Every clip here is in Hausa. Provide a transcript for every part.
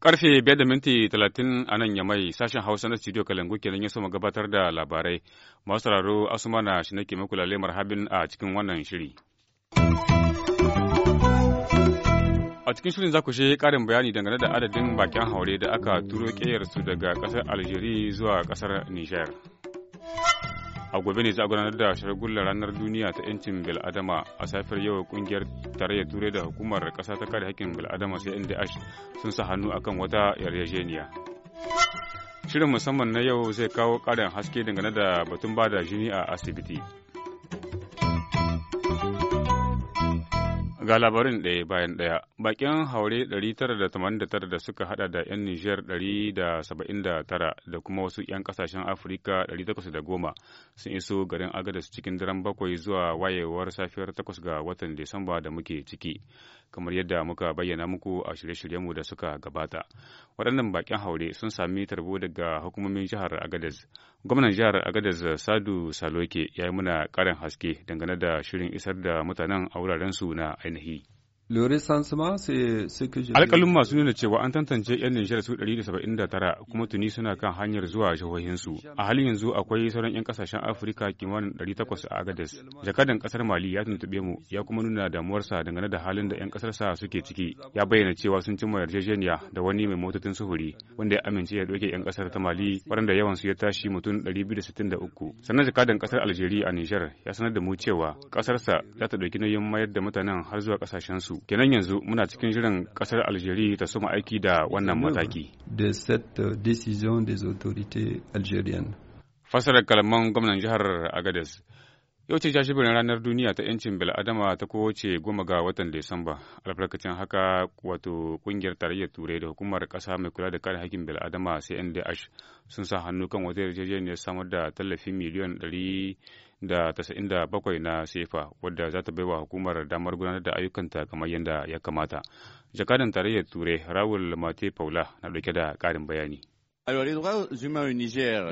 Karfe biyar da minti talatin a nan yamai sashen Hausa na studio Kalangu kenan ya soma gabatar da labarai. Masu sauraro Asumana shi nake muku lalle habin a cikin wannan shiri. A cikin shirin za ku shi karin bayani dangane da adadin bakin haure da aka turo su daga kasar Algeria zuwa kasar Nijar. a gobe ne za a gudanar da shagullar ranar duniya ta 'yancin bil'adama a safiyar yau kungiyar tarayyar turai da hukumar kasa ta kare hakkin bil'adama sai ndh sun sa hannu akan wata yarjejeniya shirin musamman na yau zai kawo karin haske dangane da batun bada jini a asibiti Ga labarin ɗaya bayan ɗaya, bakin haure 989 da suka hada da 'yan Nijar 179 da kuma wasu 'yan kasashen Afirka 810 sun iso garin Agadez cikin daren bakwai zuwa wayewar safiyar takwas ga watan Disamba da muke ciki. kamar yadda muka bayyana muku a shirye-shiryenmu da suka gabata. Waɗannan bakin haure sun sami tarbo daga hukumomin jihar Agadez. Gwamnan jihar Agadez Sadu Saloke ya yi muna ƙarin haske dangane da shirin isar da mutanen a wurarensu na ainihi. Le recensement c'est ce que je Alƙalin masu nuna cewa an tantance 'yan Nijar su 179 kuma tuni suna kan hanyar zuwa jihohinsu. A halin yanzu akwai sauran 'yan kasashen Afirka kimanin 800 a Agadez. Jakadan ƙasar Mali ya tuntube mu ya kuma nuna damuwarsa dangane da halin da 'yan ƙasarsa suke ciki. Ya bayyana cewa sun cimma yarjejeniya da wani mai motocin sufuri wanda ya amince ya doke 'yan ƙasar ta Mali waɗanda yawan su ya tashi mutum 263. Sannan jakadan kasar Algeria a Nijar ya sanar da mu cewa kasarsa za ta ɗauki nauyin mayar da mutanen har zuwa ƙasashensu Kenan yanzu muna cikin shirin kasar Algeria ta suma aiki da wannan mataki. De cette décision des autorités algériennes. Fasarar kalaman gwamnan jihar Agadez. Yau ce jashibirin ranar duniya ta 'yancin bil'adama ta kowace goma ga watan Disamba. Albarkacin haka wato kungiyar tarayyar Turai da hukumar kasa mai kula da kare hakkin bil'adama CNDH sun sa hannu kan wata yarjejeniyar samar da tallafi miliyan da tasa'in da bakwai na sefa wadda za ta baiwa hukumar damar gudanar da ayyukanta kamar yadda ya kamata. Jakadan tarayyar Turai Rawul Mate Paula na dauke da ƙarin bayani. Euh,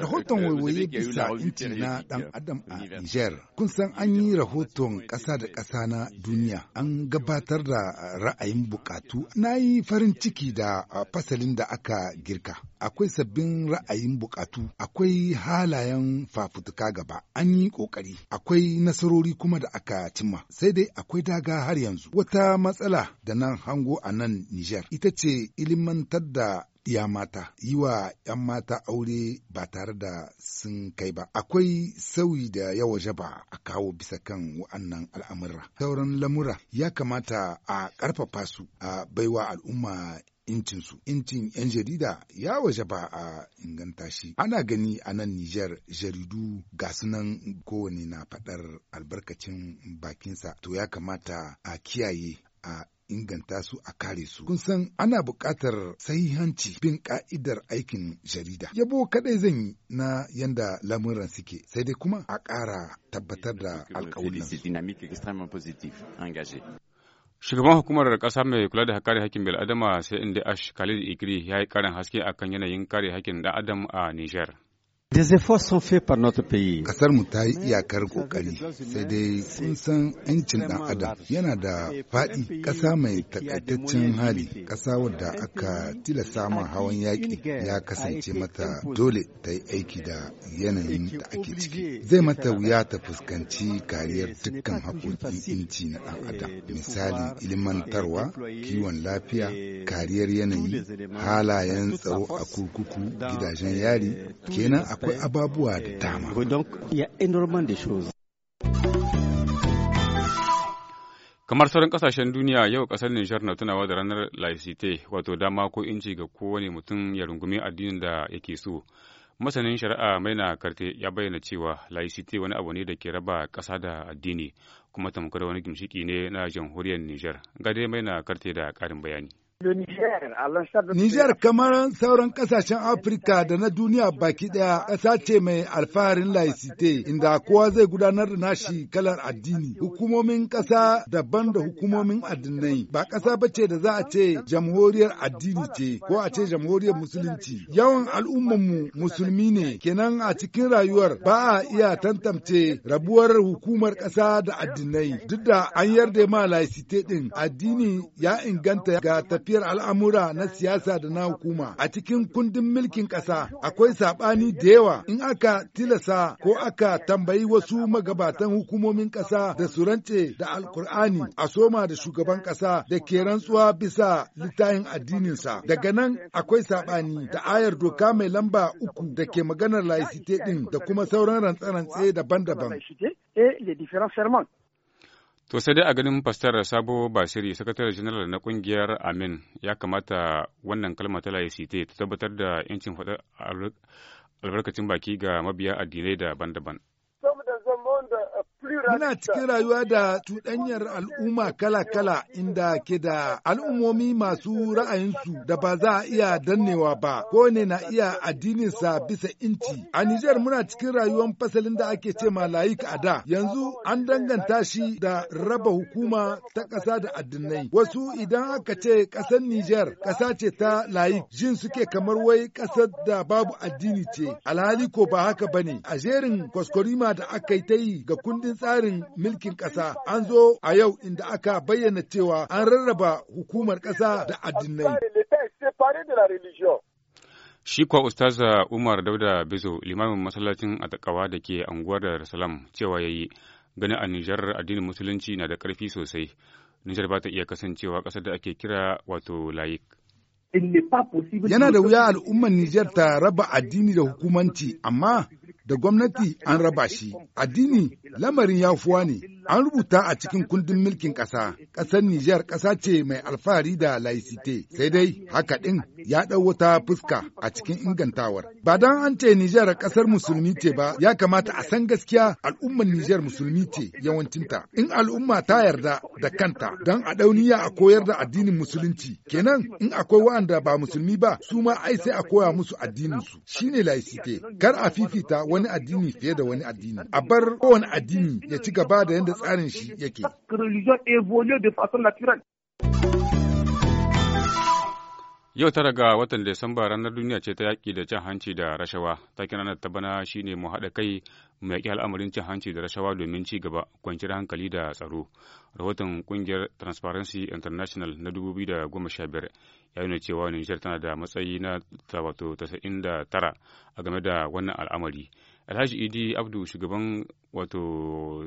rahoton waiwaye bisa inci na dan adam a euh, Nijar. Kun san an yi rahoton ƙasa euh, da ƙasa na duniya, an gabatar da ra'ayin bukatu. Na yi farin ciki da uh, fasalin da aka girka. Akwai sabbin ra'ayin bukatu, akwai halayen fafutuka gaba, an yi ƙoƙari, akwai nasarori kuma da aka cimma. Sai dai akwai daga har yanzu. Wata matsala da nan hango a nan Nijar ita ce ilimantar da ya mata yi wa 'yan mata aure ba tare da sun kai ba akwai sauyi da ya waje ba a kawo bisa kan wa'annan al'amura sauran lamura ya kamata a ƙarfafa su a baiwa al'umma incinsu incin 'yan jarida ya waje ba a inganta shi ana gani a nan Nijar jaridu ga sunan kowane na faɗar albarkacin bakinsa to ya kamata a kiyaye a inganta su a kare su. Kun san ana buƙatar sahihanci bin ƙa'idar aikin jarida. Yabo kaɗai zan yi na yanda lamuran suke sai dai kuma a ƙara tabbatar da alƙawunan. Shugaban hukumar ƙasa mai kula da kare hakkin bil'adama sai inda Ash Khalid Igri ya yi karin haske akan yanayin kare hakkin ɗan adam a Nijar. Kasar mu ta yi iyakar kokari sai dai kun san 'yancin ɗan adam yana da faɗi ƙasa mai takaitaccen hali ƙasa wadda aka tilasta ma hawan yaƙi ya kasance mata dole ta yi aiki da yanayin da ake ciki. Zai mata wuya ta fuskanci kariyar dukkan haƙoƙin inci na ɗan adam misali ilmantarwa kiwon lafiya, kariyar yanayi, halayen tsaro a kurkuku, gidajen yari, kenan a akwai eh, ababuwa da dama. Kamar sauran kasashen duniya yau kasar Nijar na tunawa da ranar laicite wato dama ko inci ga kowane mutum ya rungumi addinin da yake so. Masanin shari'a Maina Karte ya bayyana cewa laicite wani abu ne da ke raba ƙasa da addini kuma tamkar wani gimshiki ne na jamhuriyar Nijar. Gade Maina Karte da ƙarin bayani. Nijar kamar sauran kasashen Afirka da na duniya baki daya ƙasa ce mai alfaharin laicite inda kowa zai gudanar da nashi kalar addini. Hukumomin ƙasa daban da hukumomin addinai ba ƙasa ba ce da za a ce jamhuriyar addini ce ko a ce jamhuriyar musulunci. Yawan al'ummanmu musulmi ne kenan a cikin rayuwar ba a iya tantance rabuwar hukumar ƙasa da addinai duk da an yarda ma laicite din. addini ya inganta ga tafi tafiyar al'amura na siyasa da na hukuma a cikin kundin mulkin ƙasa akwai saɓani da yawa in aka tilasa ko aka tambayi wasu magabatan hukumomin ƙasa da su rance da alkur'ani a soma da shugaban ƙasa da ke rantsuwa bisa littafin addininsa daga nan akwai saɓani da ayar doka mai lamba uku da ke maganar laicite ɗin da kuma sauran rantse-rantse daban-daban. To sai dai a ganin fastar Sabo Basiri, sakataren janar na kungiyar Amin, ya kamata wannan kalma ta laicite ta tabbatar da 'yancin faɗar albarkacin baki ga mabiya addinai daban-daban. muna cikin rayuwa da tuɗanyar al'umma kala-kala inda ke da al'ummomi masu ra'ayinsu da ba za a iya dannewa ba, ko ne na iya addininsa bisa inci. A Nijar muna cikin rayuwar fasalin da ake ce ma a da, yanzu an danganta shi da raba hukuma ta ƙasa da addinai. Wasu idan aka ce ƙasar Nijar ƙasa ce ta layik, jin suke kamar wai ƙasar da babu addini ce, alhali ko ba haka bane. A jerin kwaskwarima da aka yi ta yi ga kundin tsari. tsarin mulkin ƙasa an zo a yau inda aka bayyana cewa an rarraba hukumar ƙasa da addinai. Shi kuwa Ustaza Umar Dauda Bizo, limamin masallacin Atakawa da ke anguwar da Salam cewa ya yi gani a Nijar addinin Musulunci na da ƙarfi sosai. Nijar ba ta iya kasancewa ƙasar da ake kira wato layik. Yana da wuya al'ummar Nijar ta raba addini da hukumanci, amma da gwamnati an raba shi, addini lamarin ya fuwa ne, an rubuta a cikin kundin mulkin ƙasa, ƙasar Nijar ƙasa ce mai alfahari da laicite, sai dai haka ɗin ya ɗau wata fuska a cikin ingantawar. Ba dan an ce Nijar ƙasar musulmi ce ba, ya kamata a san gaskiya al'ummar Nijar musulmi ce yawancinta. In al'umma ta yarda da kanta dan a ɗauniya a koyar da addinin musulunci, kenan in akwai wa'anda ba musulmi ba, su ma ai sai a koya musu addinin addininsu, shine laicite, kar a fifita wani wani addini fiye da wani addini a bar kowane addini ya ci gaba da yadda tsarin shi yake Yau tara ga watan Desamba ranar duniya ce ta yaƙi da cin hanci da rashawa. ta Takin ranar ta bana shine mu haɗa kai mu yaƙi al'amarin cin hanci da rashawa domin ci gaba, kwanciyar hankali da tsaro. Rahoton ƙungiyar Transparency International na 2015 ya nuna cewa Nijar tana da matsayi na da tara a game da wannan al'amari. Alhaji Idi Abdu shugaban wato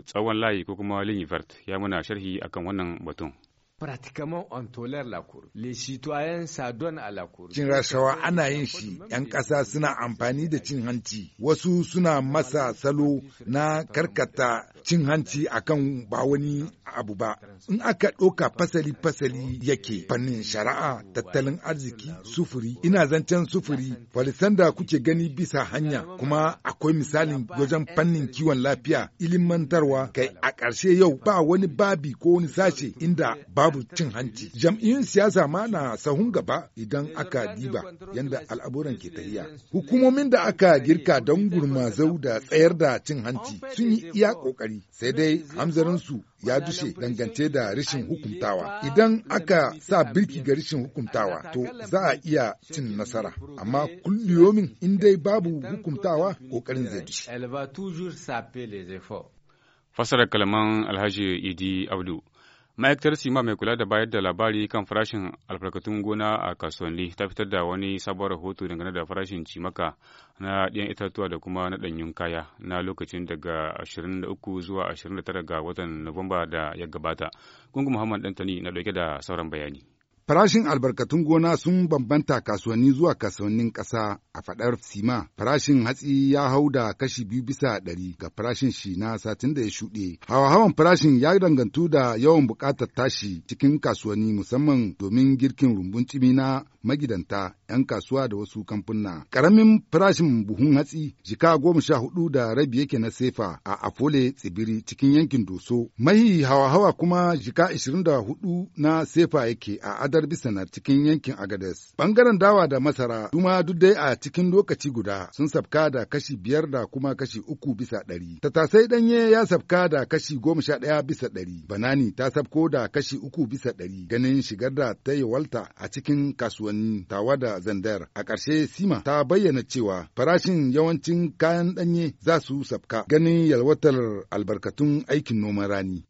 tsawon layi ko kuma Linivert ya muna sharhi akan wannan batun. pratiquement on tolère la cour. Les citoyens s'adonnent Cin rashawa ana yin shi, ‘yan ƙasa suna amfani da cin hanci, wasu suna masa salo na karkata cin hanci akan ba wani abu ba in aka ɗauka fasali-fasali yake fannin shari'a tattalin arziki sufuri ina zancen sufuri Falisanda kuke gani bisa hanya kuma akwai misalin wajen fannin kiwon lafiya ilimantarwa kai a ƙarshe yau ba wani babi ko wani sashe inda babu cin hanci jam'iyyun siyasa ma na sahun gaba idan aka diba yadda al'aburan ke tafiya hukumomin da aka girka don gurmazau da tsayar da cin hanci sun yi iya ƙoƙari sai dai hamzarinsu ya dushe dangance da rashin hukuntawa. Idan aka sa birki ga rashin hukuntawa to za a iya cin nasara. Amma kulliyomin in dai babu hukuntawa kokarin zai dushe. Fasarar kalaman Alhaji Idi Abdu. ma'aikatar sima mai kula da bayar da labari kan farashin alfarkatun gona a kasuwanni ta fitar da wani sabon rahoto dangane da farashin cimaka na ɗiyan itatuwa da kuma na ɗanyun kaya na lokacin daga 23 zuwa 29 ga watan nuwamba da ya gabata gungun muhammad dantani na ɗauke da sauran bayani Farashin albarkatun gona sun bambanta kasuwanni zuwa kasuwannin ƙasa a faɗar Sima. Farashin hatsi ya hau da kashi biyu bisa ɗari ga farashin shi na satin da ya shuɗe. Hawa-hawan farashin ya dangantu da yawan buƙatar tashi cikin kasuwanni musamman domin girkin rumbun cimi na magidanta, 'yan kasuwa da wasu kamfuna. karamin farashin buhun hatsi jika goma sha hudu da rabi yake na sefa a Afole tsibiri cikin yankin Doso. Mahi hawa-hawa kuma jika ishirin da hudu na sefa yake a Adar bisana cikin yankin Agades. Bangaren dawa da masara duma duk dai a cikin lokaci guda sun sabka da kashi biyar da kuma kashi uku bisa ɗari. Tatasai ɗanye ya sabka da kashi goma sha ɗaya bisa ɗari. Banani ta sabko da kashi uku bisa ɗari ganin shigar da ta yi walta a cikin kasuwanci. kasuwanni tawa da zandar a ƙarshe sima ta bayyana cewa farashin yawancin kayan ɗanye za su sabka ganin yalwatar albarkatun aikin noman rani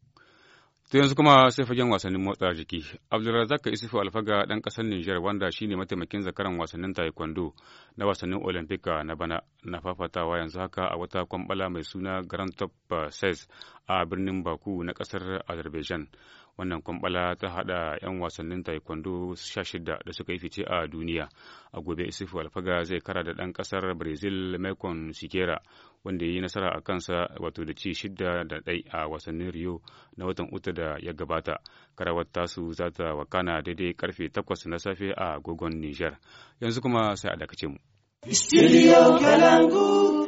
to yanzu kuma sai fagen wasannin motsa jiki abdulrazak isufu alfaga ɗan ƙasar niger wanda shine mataimakin zakaran wasannin taekwondo na wasannin olympic na bana na fafatawa yanzu haka a wata kwambala mai suna grand top 6 eh, a birnin baku na ƙasar azerbaijan wannan kwambala ta haɗa 'yan wasannin taekwondo 16 da suka yi fice a duniya a gobe isufu alfaga zai kara da ɗan ƙasar brazil mekon sikera wanda ya yi nasara a kansa wato da ci shida da ɗai a wasannin rio na watan uta da ya gabata karawar tasu za ta wakana daidai karfe 8 na safe a gogon niger yanzu kuma sai a dakace mu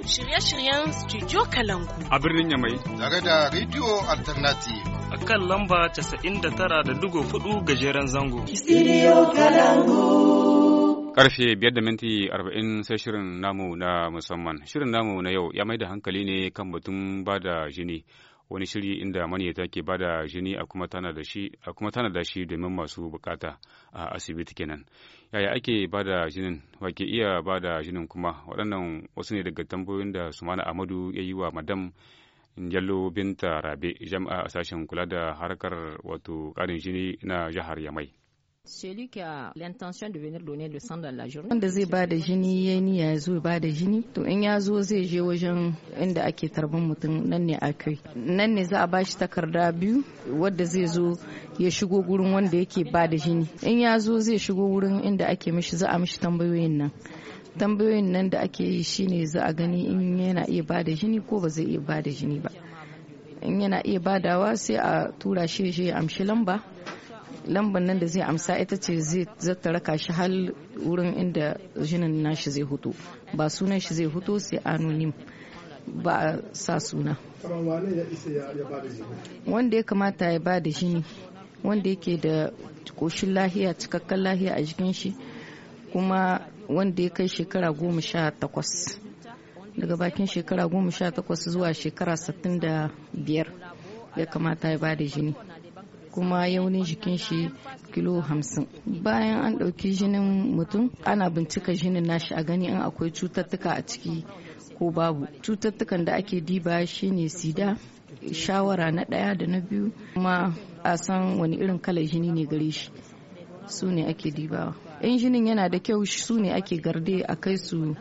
Shirye-shiryen Studio Kalangu. A birnin Yamai. Tare da Radio Alternative. a kan lamba 99.4 gajeren zango. Karfe biyar da minti arba'in sai shirin namu na musamman. Shirin namu na yau ya mai da hankali ne kan batun bada jini. Wani shiri inda manyata ke bada jini a kuma tana da shi domin masu bukata a asibiti kenan. Yaya ake bada jinin, wake iya bada jinin kuma waɗannan wasu ne daga tambayoyin da Sumana Amadu ya yi wa madam Jallo Binta Rabe, jam'a a sashen kula da harkar wato ƙarin jini na jihar Yamai. Celui qui a l'intention de Wanda zai ba da jini ya ni ya zo ba da jini to in ya zo zai je wajen inda ake tarban mutum nan ne a kai. Nan ne za a ba shi takarda biyu wadda zai zo ya shigo gurin wanda yake ba da jini. In ya zo zai shigo gurin inda ake mishi za a mishi tambayoyin nan. Tambayoyin nan da ake yi shine za a gani in yana iya ba da jini ko ba zai iya ba da jini ba. in yana iya badawa sai a tura shi ya amshi lamba lambar nan da zai amsa ita ce zai zata raka shi hal wurin inda jinin nashi zai hutu ba sunan shi zai hutu sai anonim ba a sa suna wanda ya kamata ya ba da jini wanda yake da koshin lahiya cikakken lahiya a jikin shi kuma wanda ya kai shekara goma sha takwas daga bakin shekara goma sha takwas zuwa shekara sittin da biyar ya kamata ya ba da jini kuma yaunin jikin shi kilo hamsin bayan an ɗauki jinin mutum ana bincika jinin nashi a gani in akwai cututtuka a ciki ko babu cututtukan da ake diba shine sida shawara na ɗaya da na biyu kuma a san wani irin kalar jini ne gare shi su ne ake dibawa injinin yana da kyau su ne ake garde a kai su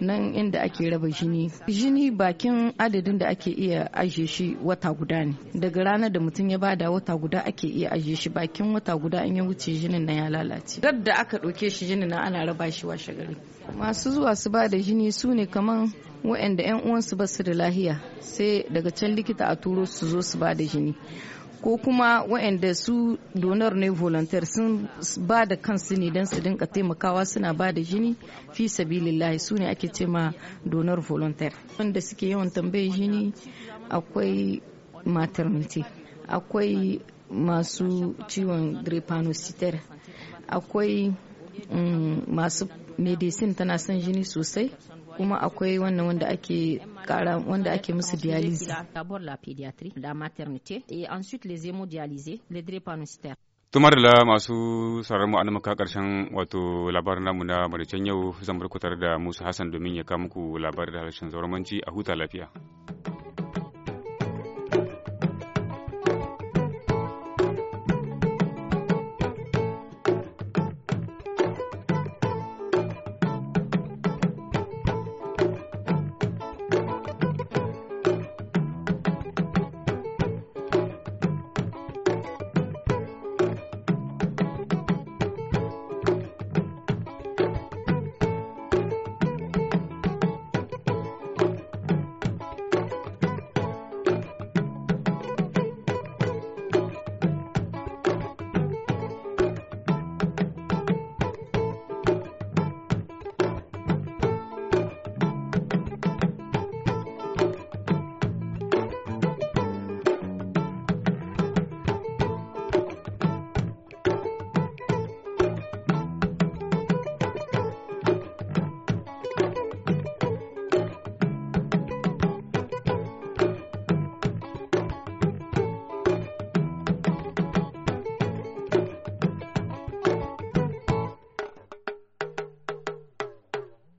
nan inda ake raba jini jini bakin adadin da ake iya ajiye shi wata guda ne daga ranar da mutum ya bada wata guda ake iya ajiye shi bakin wata guda an ya wuce jinin na ya lalace duk da aka ɗauke shi jinin na ana raba shi washe gari masu zuwa su ba da jini su ne kaman waɗanda 'yan uwansu ba su da lahiya sai daga can likita a turo su zo su ba da jini ko kuma waɗanda su donor ne volunteer sun ba da kansu ne don su dinka taimakawa suna ba da jini fi sabilillahi su ne ake ce ma donor volunteer wanda suke yawan tambayi jini akwai maternity akwai masu ciwon drepanocytaire akwai mm, masu medicine tana son jini sosai kuma akwai wannan wanda ake kara wanda ake musu dialysis tumar da masu sauran mu an muka karshen wato labarin namu na maricen yau zan barkutar da musu hassan domin ya kawo muku labarin da harshen zauramanci a huta lafiya